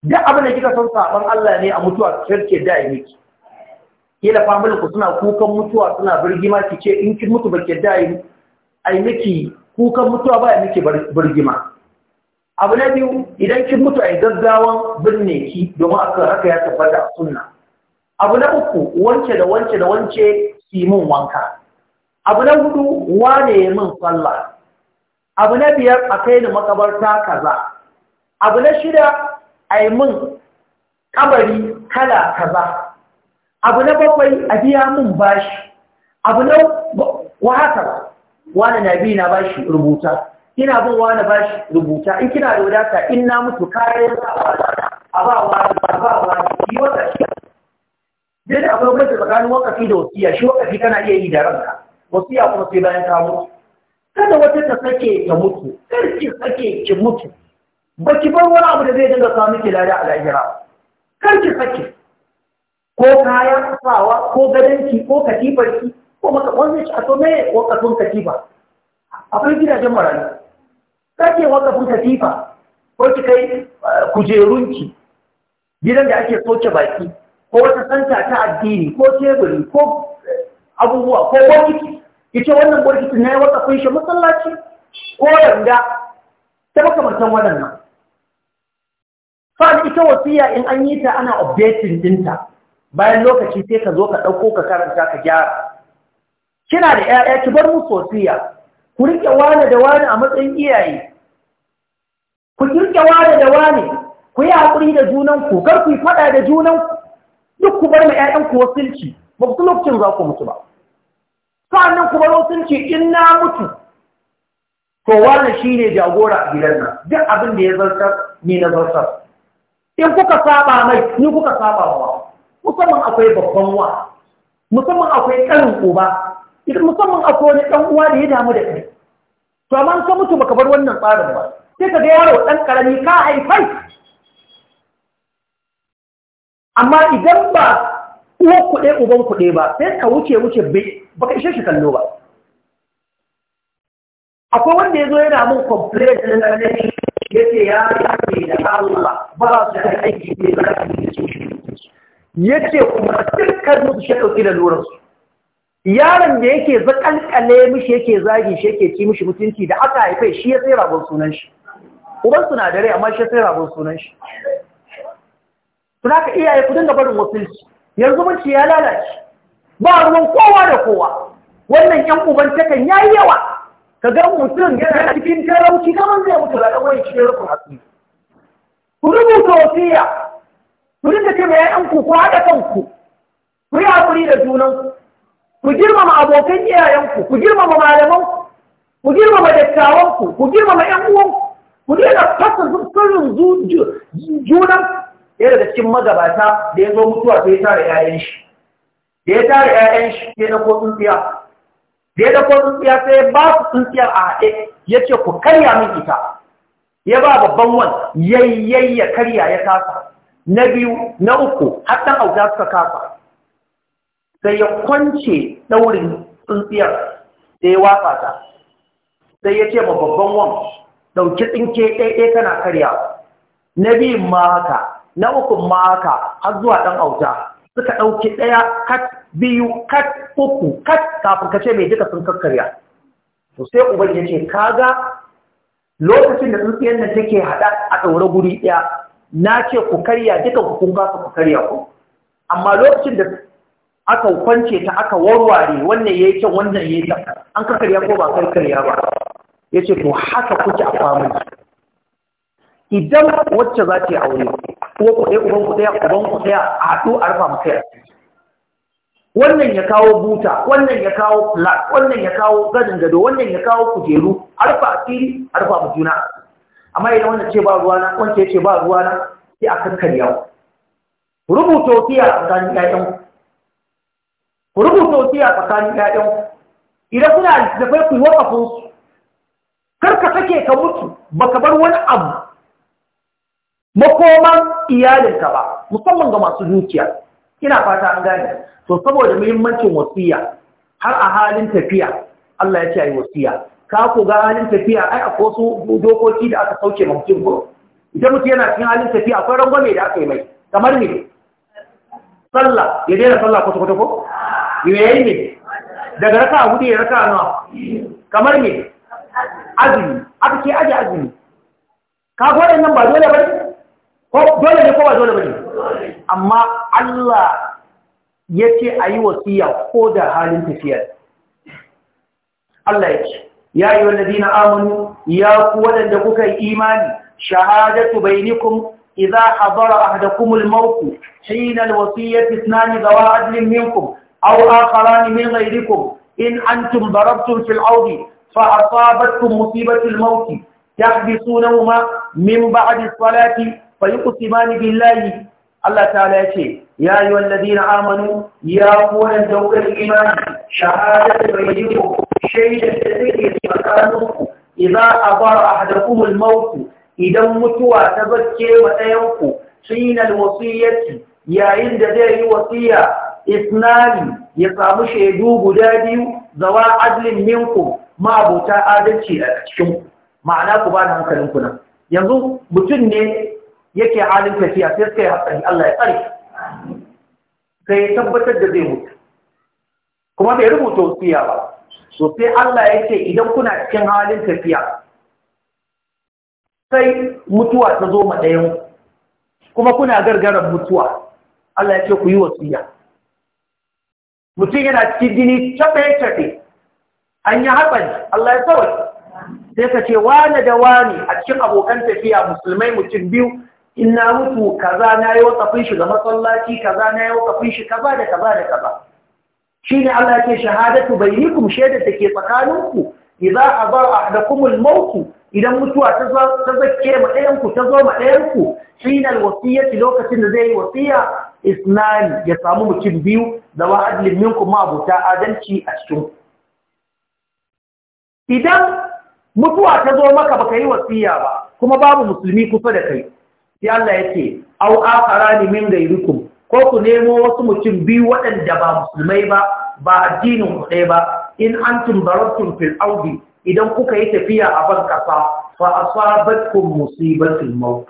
Duk abin da kika son saɓan Allah ne a mutuwa kirke da ya miki. kila family ku suna kukan mutuwa suna birgima ki ce in kin mutu barke da ai miki kukan mutuwa ba ya miki birgima abu na biyu idan kin mutu ai gaggawan binne ki domin aka haka ya tabbata sunna abu na uku wance da wance da wance ki mun wanka abu na hudu wane ya min sallah abu na biyar a kai ni makabarta kaza abu na shida a yi min kabari kala kaza abu na bakwai a biya mun bashi abu na wa haka na biyu na bashi rubuta kina bin wani bashi rubuta in kina da wadata in na mutu kayan a ba wani a ba wani shi wata shi zai da akwai wata tsakanin wakafi da wasiya shi wakafi kana iya yi da ranka wasiya kuma sai bayan ta mutu kada wata ta sake ta mutu karki sake ki mutu baki bar wani abu da zai dinga samu ke lada a lahira Karki sake ko kayan asawa, ko gadanki ko katifarki ko maka wanda shi a to me wakafin katifa akwai gidajen marayu kake wakafin katifa ko ki kai eh, kujerunki gidan da ake soke baki ko wata santa ta addini ko teburi ko eh, abubuwa ko wakiti Ita wannan burkitin na yi wakafin shi masallaci ko yanda ta makamantan waɗannan fa ita wasiya in an yi ta ana updating dinta bayan lokaci sai ka zo ka ɗauko ka karanta ka gyara kina da 'ya'ya ki bar musu wasiya ku rike wane da wane a matsayin iyaye ku riƙe wane da wane ku yi haƙuri da junan ku kar ku yi faɗa da junan ku duk ku bar ma 'ya'yan ku wasilci ba ku lokacin za ku mutu ba sa'annan ku bar wasilci in na mutu to wane shine jagora a gidan nan duk abin da ya zartar ni na zartar in kuka saba mai ni kuka saba wa musamman akwai babban wa musamman akwai ƙarin uba idan musamman akwai wani ɗan uwa da ya damu da kai to amma ka mutu baka bar wannan tsarin ba sai ka ga yaro ɗan ƙarami ka haifai amma idan ba uwan kuɗe uban kuɗe ba sai ka wuce wuce bai, baka ishe shi kallo ba akwai wanda ya zo yana mun complain na nan ya ce ya yi da Allah ba su da aiki ne ba da su Yake kuma dukkan musu shi ɗauki da su. yaron da yake zakalkale mishi yake zagi shi yake ci mishi mutunci da aka haifai shi ya sai rabon sunan shi uban suna da rai amma shi ya sai rabon sunan shi suna ka iyaye ku dinga barin wasilci yanzu mace ya lalace ba ruwan kowa da kowa wannan yan uban takan yayi yawa ka ga mutum yana cikin talauci kaman zai mutu da ɗan wani cikin rufin hatsi ku rubuta wasiya ku dinga ce mai ƴaƴanku ku haɗa kanku ku yi haƙuri da junanku ku girmama abokan iyayenku ku girmama malamanku ku girmama dattawanku ku girmama ƴan uwanku ku daina fasa sirrin junan ɗaya daga cikin magabata da ya zo mutuwa sai ya tara ƴaƴan shi da ya tara ƴaƴan shi sai na ko tsintsiya da ya dako tsintsiya sai ya ba su tsintsiyar a haɗe ya ce ku karya min ita ya ba babban wan yayyayya karya ya kasa na biyu na uku har ɗan auta suka kafa sai ya kwance ɗaurin tsintsiyar da ya watsa ta sai ya ce ma babban wan ɗauki tsinke ɗaiɗe kana karya. na biyun ma haka na ukun ma haka har zuwa ɗan auta suka ɗauki ɗaya kat biyu kat uku kat kafin ka ce mai duka sun kakkarya to sai uban ya ce kaga lokacin da tsintsiyar nan take haɗa a ɗaure guri ɗaya na ce ku karya duka ku kun kasa ku karya ku amma lokacin da aka kwance ta aka warware wannan yayi can wannan yayi ta, an ka karya ko ba karya ba yace to haka kuke a famin idan wacce za ta yi aure ko ku ɗaya uban ku ɗaya uban ku ɗaya a haɗu a rufa maka wannan ya kawo buta wannan ya kawo la wannan ya kawo gadin gado wannan ya kawo kujeru a rufa asiri a rufa mu juna amma idan wanda ce ba ruwa na wanda ce ba ruwa na sai a kakkarya ku rubuta wasiya tsakanin ƴaƴan ku rubuta wasiya tsakanin ƴaƴan idan kuna da fai ku wakafin su kar ka sake ka mutu baka bar wani abu makoman iyalinka ba musamman ga masu dukiya ina fata an gane to saboda muhimmancin wasiya har a halin tafiya Allah ya ce ayi wasiya ka ku ga halin tafiya ai a kosu dokoki da aka sauke ma mutum ko idan mutum yana cikin halin tafiya akwai rangwame da aka yi mai kamar ne sallah ya daina sallah kwata kwata ko yayi ne daga raka hudu ya raka nawa kamar ne azumi aka ce aje azumi ka ga nan ba dole bane ko dole ne ko ba dole bane amma Allah yace ayi wasiya ko da halin tafiyar Allah yake ya yi dina amanu ya ku waɗanda kuka yi imani shahadatu bainikum idza hadara ahadakumul maut hina alwasiyyati ithnan dawa adlin minkum aw akharan min ghayrikum in antum darabtum fil ardi fa asabatkum musibatu almaut tahbisunahuma min ba'di salati fayuqsimani billahi Allah ta'ala yace ya dina amanu ya ku waɗanda kuka yi imani Shahada da za a bar hada kuma idan mutuwa ta gaske matsayinku. Rinal Hoseyati, yayin da zai yi wasi'a Isna'il, ya samu shaidu guda biyu, zawar adalin yinku, adalci da ƙarfin ku. Ma'ana ku Mutum ne yake halin kaciya sai suka yi hatsari. Allah ya tsare ka ya tabbatar da zai mutu. kuma bai rubuta wasiya ba so sai Allah ya ce idan kuna cikin halin tafiya sai mutuwa ta zo ma ɗayan kuma kuna gargara mutuwa Allah ya ce ku yi wasiya mutum yana cikin jini cafe-cafe an yi haɓar Allah ya tsawai sai ka ce wane da wane a cikin abokan tafiya musulmai mutum biyu in na mutu kaza na yi wakafin shi ga masallaci kaza na yi wakafin shi kaza da kaza da kaza shi ne Allah ke shahadatu shaidar da take tsakaninku a da kuma maut idan mutuwa ta zake ma ku ta zo ma shi ne shine lokacin da zai yi wasiya isnani ya samu mutum biyu da wa adlin minkum ma abuta adalci a cikin idan mutuwa ta zo maka baka yi wasiya ba kuma babu musulmi kusa da kai sai Allah yake au akara ni min gairikum ko ku nemo wasu mutum biyu waɗanda ba musulmai ba ba addinin ku ɗaya ba in an barattum fil audi idan kuka yi tafiya a ban kasa fa asabatkum musibatul maut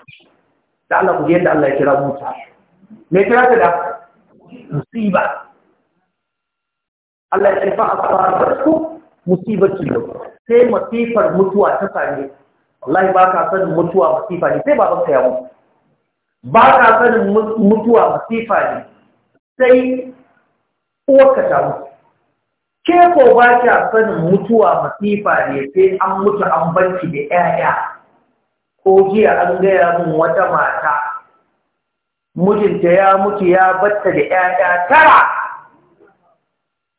da Allah ku yadda Allah ya kira muta me kira ta da musiba Allah ya ce fa asabatkum musibatul maut sai masifar mutuwa ta same wallahi ba ka sanin mutuwa masifa ne sai baban ka ya mutu ba ka sanin mutuwa masifa ne sai uwarka ta ke ko ba ka sanin mutuwa masifa ne sai an mutu an banci da 'ya'ya ko jiya an gaya min wata mata mijinta ya mutu ya batta da 'ya'ya tara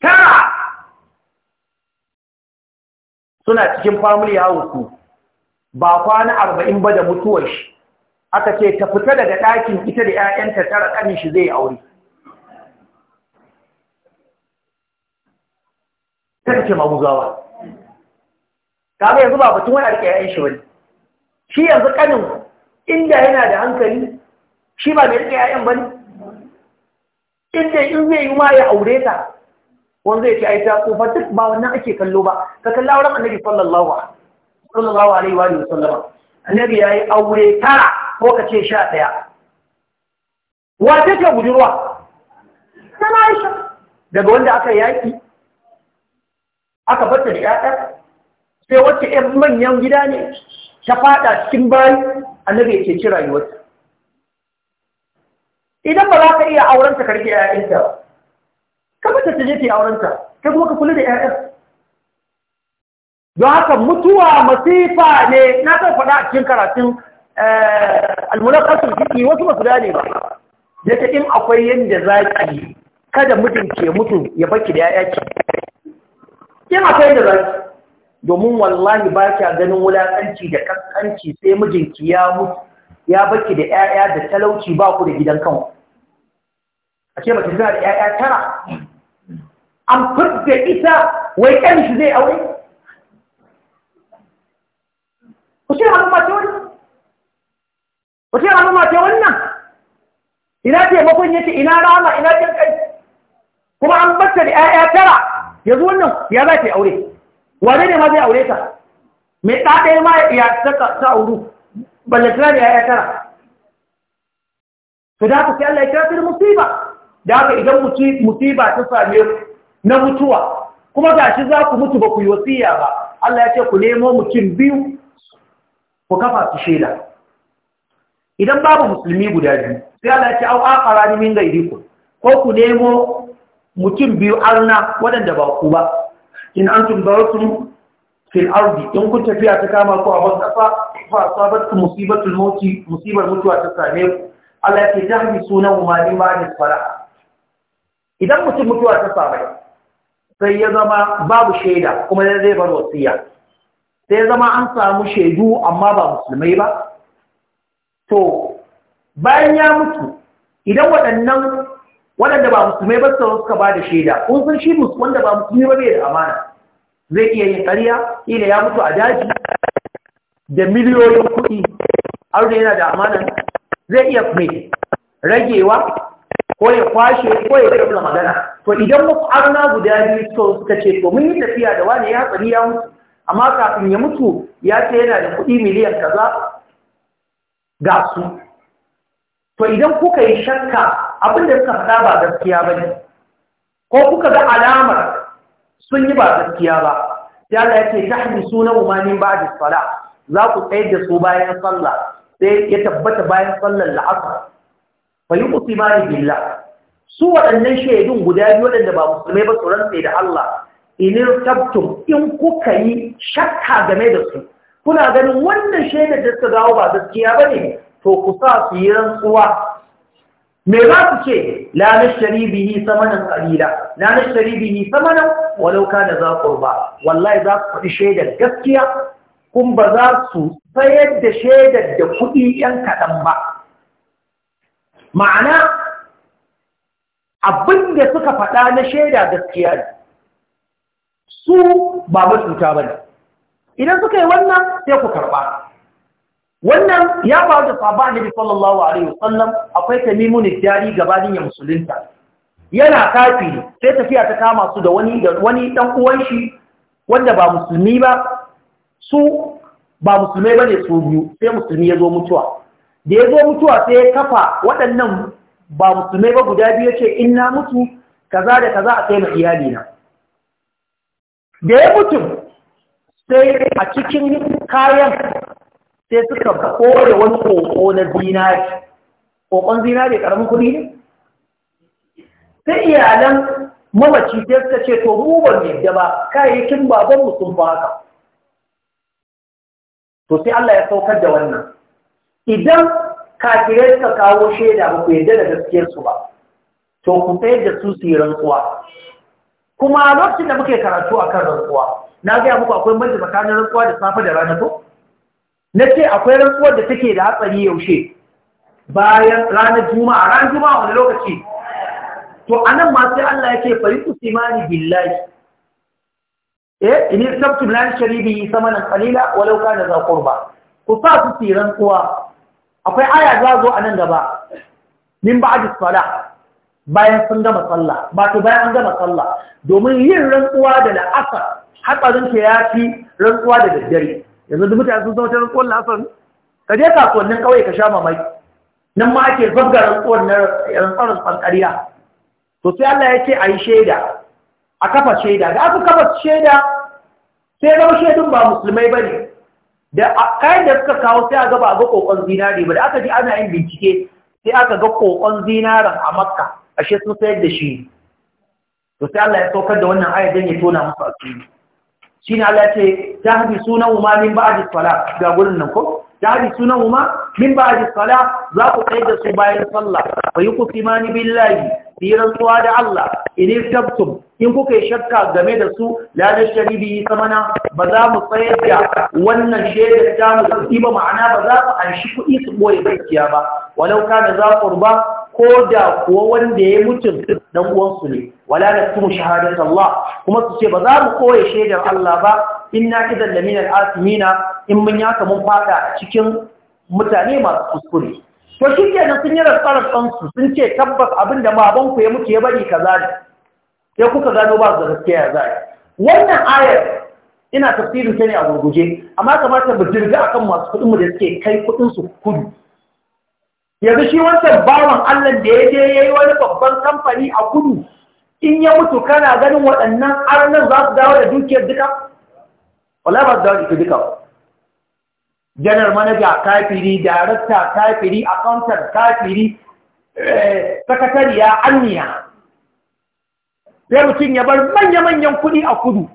tara suna cikin family house ba kwana arba'in ba da mutuwar shi aka ce ta fita daga ɗakin ita da ‘ya'yanta tara ƙanin shi zai aure. Ta ce maguzawa. Kaga yanzu ba batun wani riƙe ‘ya'yan shi wani. Shi yanzu ƙanin inda yana da hankali, shi ba mai riƙe ‘ya'yan ba ne. Inda in zai yi ma ya aure ta, wani zai ce yi ta kofa duk ba wannan ake kallo ba, ka kalla wurin annabi sallallahu alaihi wa sallama. Annabi ya yi aure tara ko ka ce sha ɗaya wata ce budurwa Sama yi aisha daga wanda aka yaƙi aka bata da ƴaƴa sai wacce ‘yan manyan gida ne ta faɗa cikin bayi a annabi ya ci rayuwarsa. idan ba za ka iya aurenta ka karki 'ya'yanta, ba ka bata ta je ta aurenta kai zuwa ka kula da ‘ya’yan. don haka mutuwa masifa ne na kan faɗa a cikin karatun Eh, almulakasul fiqi wasu ba su gane ba da ta in akwai yanda zaki kada mutum ke mutu ya baki da yaya ki in akwai yanda zaki domin wallahi ba kya ganin wulakanci da kankanci sai mijinki ya mutu ya baki da yaya da talauci ba ku da gidan kanku a ce mace tana da yaya tara an fidda ita wai kan shi zai aure ku ce hannun mace wani wace rahama ce wannan ina taimakon yake ina rama? ina jin kai kuma an bata da 'ya'ya tara yanzu wannan ya za ta aure wane ne ma zai aure ta mai ɗaɗe ma ya saka ta auru tara da 'ya'ya tara su da ku sai Allah ya kira su musiba da haka idan musiba ta same na mutuwa kuma ga shi za ku mutu ba ku yi wasiya ba Allah ya ce ku nemo mutum biyu ku kafa su shaida idan babu musulmi guda biyu sai Allah ya ce au aqara ni min gairiku ko ku nemo mutum biyu arna waɗanda ba ku ba in antum daratum fil ardi in kun tafiya ta kama ku a wasu ƙasa fa asabatku musibatul mauti musibar mutuwa ta same ku Allah ya ce tahmi sunan ma ni ba fara idan mutum mutuwa ta same sai ya zama babu shaida kuma zai bar wasiya sai ya zama an samu shaidu amma ba musulmai ba to bayan ya mutu idan waɗannan waɗanda ba musulmai ba suka ba da shaida kun san shi musu wanda ba musulmi ba da amana zai iya yin ƙarya ila ya mutu a daji da miliyoyin kuɗi da yana da amana zai iya mai ragewa ko ya kwashe ko ya rage magana to idan muku arna guda biyu so suka ce to mun yi tafiya da wani ya tsari ya mutu amma kafin ya mutu ya ce yana da kuɗi miliyan kaza ga su to idan kuka yi shakka abin da suka faɗa ba gaskiya ba ne ko kuka ga alamar sun yi ba gaskiya ba sai Allah yake tahdi suna umanin da sala za ku tsayar da su bayan sallah sai ya tabbata bayan sallar la'asar fa yuqsimani billah su waɗannan shaidun guda biyu waɗanda ba musulmai ba su sai da Allah in tabtun in kuka yi shakka game da su kuna ganin wannan shaidar da suka dawo ba gaskiya ba ne to ku sa su yi rantsuwa me za su ce la nashari bihi samanan qalila la nashari bihi samanan walau kana za qurba wallahi za ku faɗi shaidar gaskiya kun ba za su sayar da shaidar da kuɗi ‘yan kaɗan ba. Ma'ana, abin da suka faɗa na shaida gaskiya su ba macuta ba ne. Idan suka yi wannan, sai ku karɓa wannan ya faru da sahaba annabi sallallahu alaihi wasallam akwai tamimun jari gabanin ya musulunta yana kafi sai tafiya ta kama su da wani da wani dan uwan shi wanda ba musulmi ba su ba musulmai bane su biyu sai musulmi ya zo mutuwa da ya zo mutuwa sai ya kafa waɗannan ba musulmai ba guda biyu ce in na mutu kaza da kaza a kai ma na da ya mutu sai a cikin kayan sai suka kore wani koko na zinari kokon zinari karamin kuɗi ne sai iyalan mawaci sai suka ce to mu ban yadda ba kayayyakin babanmu sun fi to sai Allah ya saukar da wannan idan kafirai suka kawo shaida ba ku yadda da gaskiyarsu ba to ku sayar da su su yi rantsuwa kuma lokacin da muke karatu a kan rantsuwa na gaya muku akwai banci tsakanin rantsuwa da safe da rana ko na ce akwai rantsuwar da take da hatsari yaushe bayan ranar juma'a ranar juma'a wani lokaci to anan ma sai Allah ya ce fariqu simani billahi eh in yaktabtu lan sharibi samanan qalila walau kana za qurba ku sa su tiran kuwa akwai aya za zo nan gaba min ba'd salah bayan sun gama sallah ba to bayan an gama sallah domin yin rantsuwa da la'asar hatsarin ke ya fi rantsuwa da daddare yanzu da mutane sun ta rantsuwa rantsuwar la'asar ka je kasuwannin kawai ka sha mamaki nan ma ake zabga rantsuwar na rantsuwar tsankariya to sai Allah ya ce a yi shaida a kafa shaida da aka kafa shaida sai zama shaidun ba musulmai ba ne da kayan da suka kawo sai a gaba a ga kokon zinari ba da aka ji ana yin bincike sai aka ga kokon zinarin a makka ashe sun sayar da shi to sai Allah ya saukar da wannan ayar ya tona musu asiri shine Allah ya ce haɗi sunan umma ba a salat ga wurin nan ko Ta haɗi sunan umar. min ba da sala za ku kai da su bayan sallah fa yi ku kimani billahi fi rantsuwa da Allah in tabtum in kuka yi shakka game da su la da sharibi samana ba za mu tsayar da wannan shaidar ta mu sauki ba ma'ana ba za mu anshi kuɗi su boye gaskiya ba walau kana za qurba ko da kuwa wanda ya mutum dan uwansu ne wala naktumu shahadat Allah kuma su ce ba za mu koya shaidar Allah ba inna idan lamina al-asimina in mun yaka mun fada cikin mutane masu kuskure to shi ke sun yi rasarar sun ce tabbas abin da babanku ya mutu ya bari kaza ne sai kuka gano ba su da gaskiya ya zai wannan ayar ina tafsirin ta ne a gurguje amma kamata mu dirga akan masu kuɗinmu da suke kai kuɗinsu kudu yanzu shi wancan bawan Allah da ya je yayi wani babban kamfani a kudu in ya mutu kana ganin waɗannan arnan za su dawo da dukiyar duka wala ba su dawo da duka janar manaja kafiri darakta kafiri accountant kafiri eh, sakatariya anniya sai mutum ya bar manya-manyan kuɗi a kudu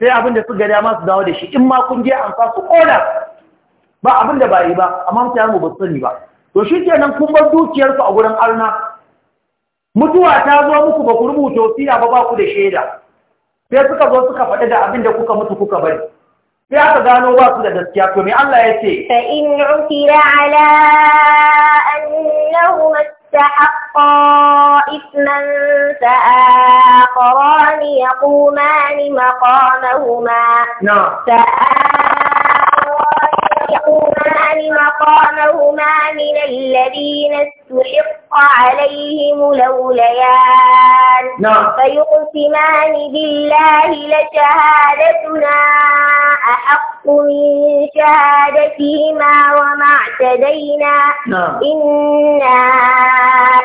sai da su ga dama su dawo da shi in ma kun je an sa su ƙona ba da ba yi ba amma mutane mu ba sani ba to shi kenan kun bar dukiyarsu a gurin arna mutuwa ta zo muku ba ku rubuta wasiya ba ba ku da shaida sai suka zo suka faɗi da abin da kuka mutu kuka bari sai aka gano ba su da gaskiya to me Allah ya ce fa in utira ala annahu استحقا إثما فآخران يقومان مقامهما نعم يتقوما لمقامهما من الذين استحق عليهم الأوليان نعم فيقسمان بالله لشهادتنا أحق من شهادتهما وما اعتدينا نعم إنا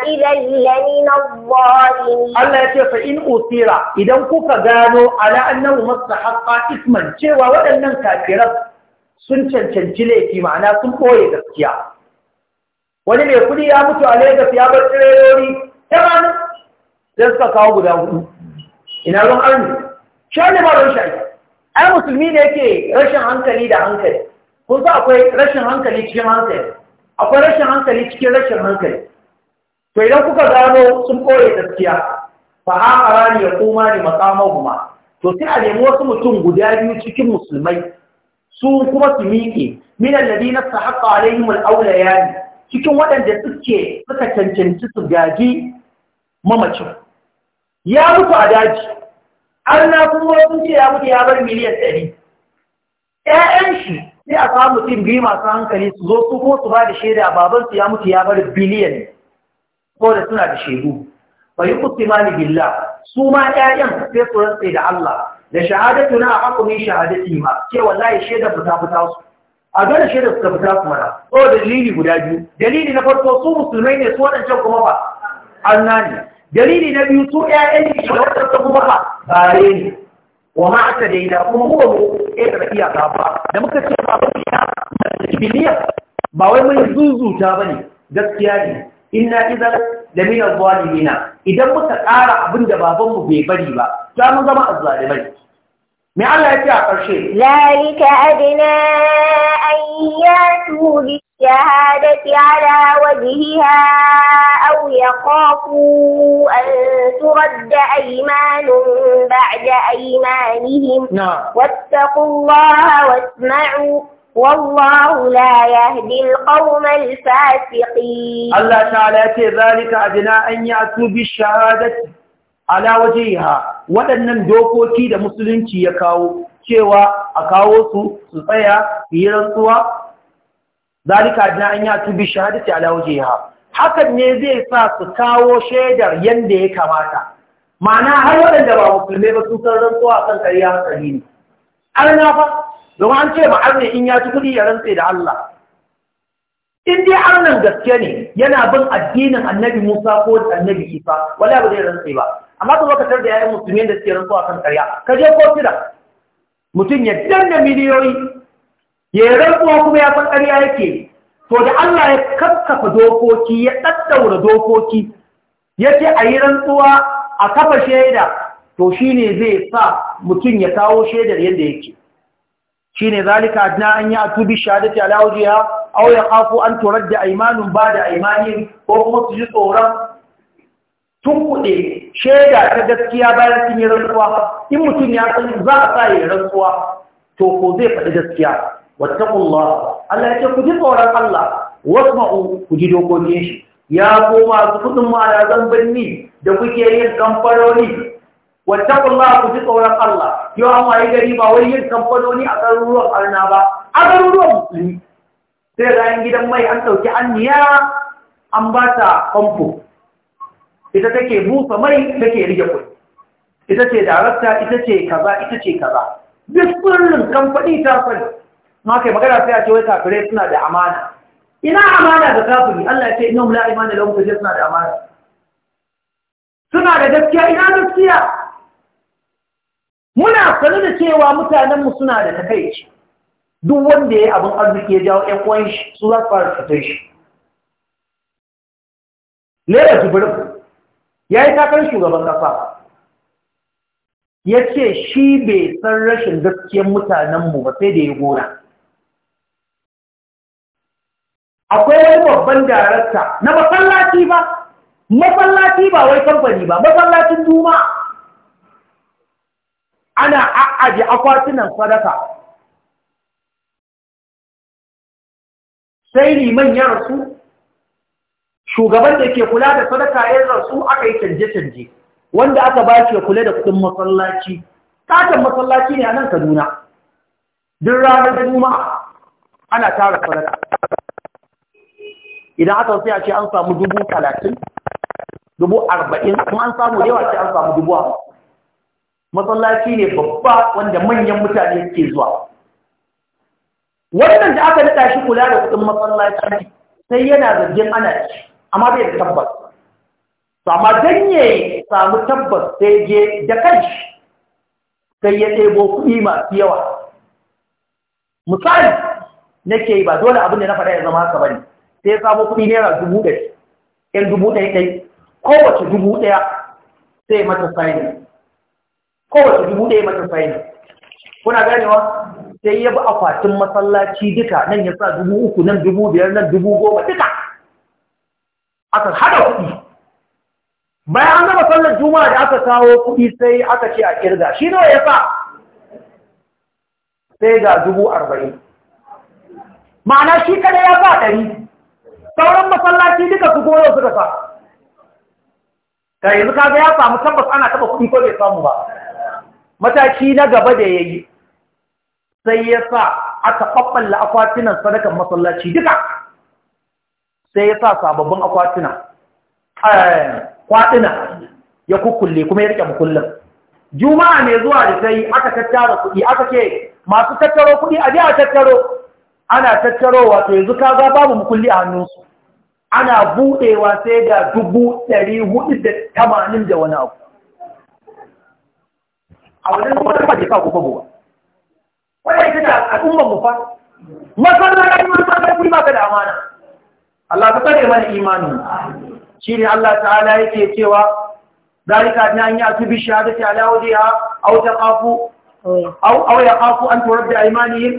إذا لمن الظالمين الله شيخ فإن أثير إذا كفى قالوا على أنه مستحق إثما شوى ولن كافرا sun cancanci laifi ma'ana sun koye gaskiya wani mai kudi ya mutu a Legas ya bar tirelori tamanin don suka kawo guda hudu ina ruwan arni shani ba don shani ai musulmi ne yake rashin hankali da hankali kun sa akwai rashin hankali cikin hankali akwai rashin hankali cikin rashin hankali to idan kuka gano sun koye gaskiya fa ha ya kuma ni makamahuma to sai a nemi wasu mutum guda biyu cikin musulmai su kuma su miƙe minan ladina sahaqqa alaihim ya ne. cikin waɗanda suke suka cancanci su gaji mamacin ya mutu a daji an na kuma sun ce ya mutu ya bar miliyan ɗari ƴaƴan shi sai a samu mutum biyu masu hankali su zo su ko su ba da shaida babansu ya mutu ya bar biliyan ko da suna da shaidu bai kusi ni billah su ma ƴaƴan sai su rantse da Allah da shahadatu a haƙo ne shahadati ma ce wallahi shaida fita fita su a gane shaida suka fita su mana ko dalili guda biyu dalili na farko su musulmai ne su waɗancan kuma ba anna ne dalili na biyu su ƴaƴan ne da waɗancan kuma ba bare ne wa ma aka daida kuma mu ba mu iya tafiya ka ba da muka ce ba mu ya biliya ba wai mun zuzuta ne. gaskiya ne inna idan da min zalimina idan muka ƙara abin da babanmu bai bari ba كانوا زما الظالمين مي الله يكي اقرشي ذلك أدنى أن ياتوا بالشهادة على وجهها أو يخافوا أن ترد أيمان بعد أيمانهم نعم. واتقوا الله واسمعوا والله لا يهدي القوم الفاسقين الله تعالى ذلك أدنى أن ياتوا بالشهادة ala wajiha waɗannan dokoki da musulunci ya kawo cewa a kawo su su tsaya yi rantsuwa zalika na an ya tubi shahadati ala wajiha hakan ne zai sa su kawo shaidar yanda ya kamata ma'ana har waɗanda ba musulmai ba sun san rantsuwa a kan kariya hankali ne arna fa domin an ce ma arne in ya ci kuɗi ya rantse da Allah in dai arnan gaske ne yana bin addinin annabi Musa ko annabi Isa wala ba zai rantse ba amma ka lokacin da yayin musulmi da suke rantsuwa kan karya ka je kotuna mutum ya danna miliyoyi ya yi rantsuwa kuma ya san karya yake to da Allah ya kakkafa dokoki ya ɗaɗɗaura dokoki ya ce a yi rantsuwa a kafa shaida to shi ne zai sa mutum ya kawo shaidar yadda yake shi ne zalika na an yi a tubi shahadati alawajiya au ya kafu an turar da aimanin ba da aimanin ko kuma su ji tsoron kuɗe shaida ta gaskiya bayan sun yi rantsuwa in mutum ya san za a sa yi rantsuwa to ko zai faɗi gaskiya wattaqullah Allah ya ce ku ji tsoron Allah wasu ma'u ku ji dokokin shi ya koma su kuɗin mara zan birni da kuke yin kamfanoni wattaqullah ku ji tsoron Allah yau an wayi gari ba wai yin kamfanoni a garuruwan arna ba a garuruwan musulmi sai rayan gidan mai an ɗauki anniya an ba ta famfo ita take busa mai take rige kuɗi ita ce darakta ita ce kaza ita ce kaza duk kullun kamfani ta sani ma kai magana sai a ce wai kafirai suna da amana ina amana ga kafiri Allah ya ce inna la imana lahum fa suna da amana suna da gaskiya ina gaskiya muna sanar da cewa mutanen mu suna da takaici duk wanda ya abin arziki ya jawo ƴan kwanshi, su za su fara fitar shi lera jibirin ya yi takar shugaban kafa ya ce shi bai san rashin gaskiyar mutanenmu ba sai da ya gona akwai wani babban darakta na masallaci ba masallaci ba wai kamfani ba masallacin duma ana a'aje akwatunan sadaka sai liman ya rasu shugaban da ke kula da sadaka ya rasu aka yi canje-canje wanda aka ba shi kula da kudin masallaci katon masallaci ne a nan kaduna duk ranar juma'a ana tara sadaka idan aka sai a ce an samu dubu talatin dubu arba'in kuma an samu yawa ce an samu dubu a masallaci ne babba wanda manyan mutane ke zuwa wannan da aka rika shi kula da kudin masallaci sai yana zargin ana ci amma bai da tabbas to amma dan ya samu tabbas sai je da kanshi sai ya debo kuɗi masu yawa misali nake yi ba dole abin da na faɗa ya zama haka bane sai ya samu kuɗi naira dubu ɗari ɗan dubu ɗaya ɗai kowace dubu ɗaya sai mata sayani kowace dubu ɗaya mata sayani kuna ganewa sai ya bi akwatin masallaci duka nan ya sa dubu uku nan dubu biyar nan dubu goma duka aka hada kuɗi bayan an gama sallar juma'a da aka kawo kuɗi sai aka ce a kirga shi nawa ya sa sai ga dubu arba'in ma'ana shi kada ya sa ɗari sauran masallaci duka su goyo suka sa ka yanzu kaga ya samu tabbas ana taɓa kuɗi ko bai samu ba mataki na gaba da ya yi sai ya sa aka ɓaɓɓalla akwatinan sadakan masallaci duka sai ya sa sababbin akwatuna eh, kwaɗina ya kukulle kuma ya rike mukullin juma'a mai zuwa da sai aka tattara kuɗi aka ce masu tattaro kuɗi a biya tattaro ana tattarowa sai yanzu kaga babu mukulli a hannunsu ana buɗewa sai ga dubu ɗari hudu da tamanin da wani abu a wajen kuma da ke sa kuka gowa wadda ce ta al'ummar mu fa masarar rayuwar sa ta kuma ka da amana Allah ka tsare mana imanin shi ne Allah ta'ala yake cewa zalika ne an yi asubi shahadati ala wajiha aw taqafu aw aw yaqafu an turadda aymanihim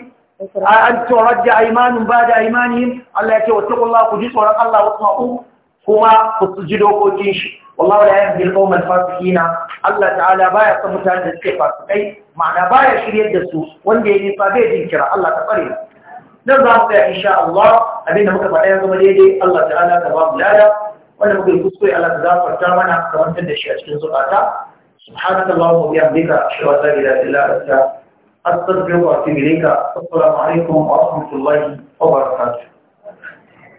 an turadda aymanun ba'da aymanihim Allah yake wattaqullaha ku ji tsoron Allah wa tsaqu kuma ku ji dokokin shi wallahu la yahdi al-qawm al-fasiqin Allah ta'ala baya san mutane da suke fasikai ma'ana baya shiryar da su wanda ya nisa bai jinkira Allah ta tsare nan za mu tsaya insha Allah abin muka faɗa ya zama daidai Allah Ta'ala ala ta ba mu lada muka yi kuskure Allah ta zafarta mana ka wancan da shi a cikin zukata subhanaka Allahumma wa bihamdika ashhadu an la ilaha illa anta astaghfiruka wa atubu ilayka assalamu alaikum wa rahmatullahi wa barakatuh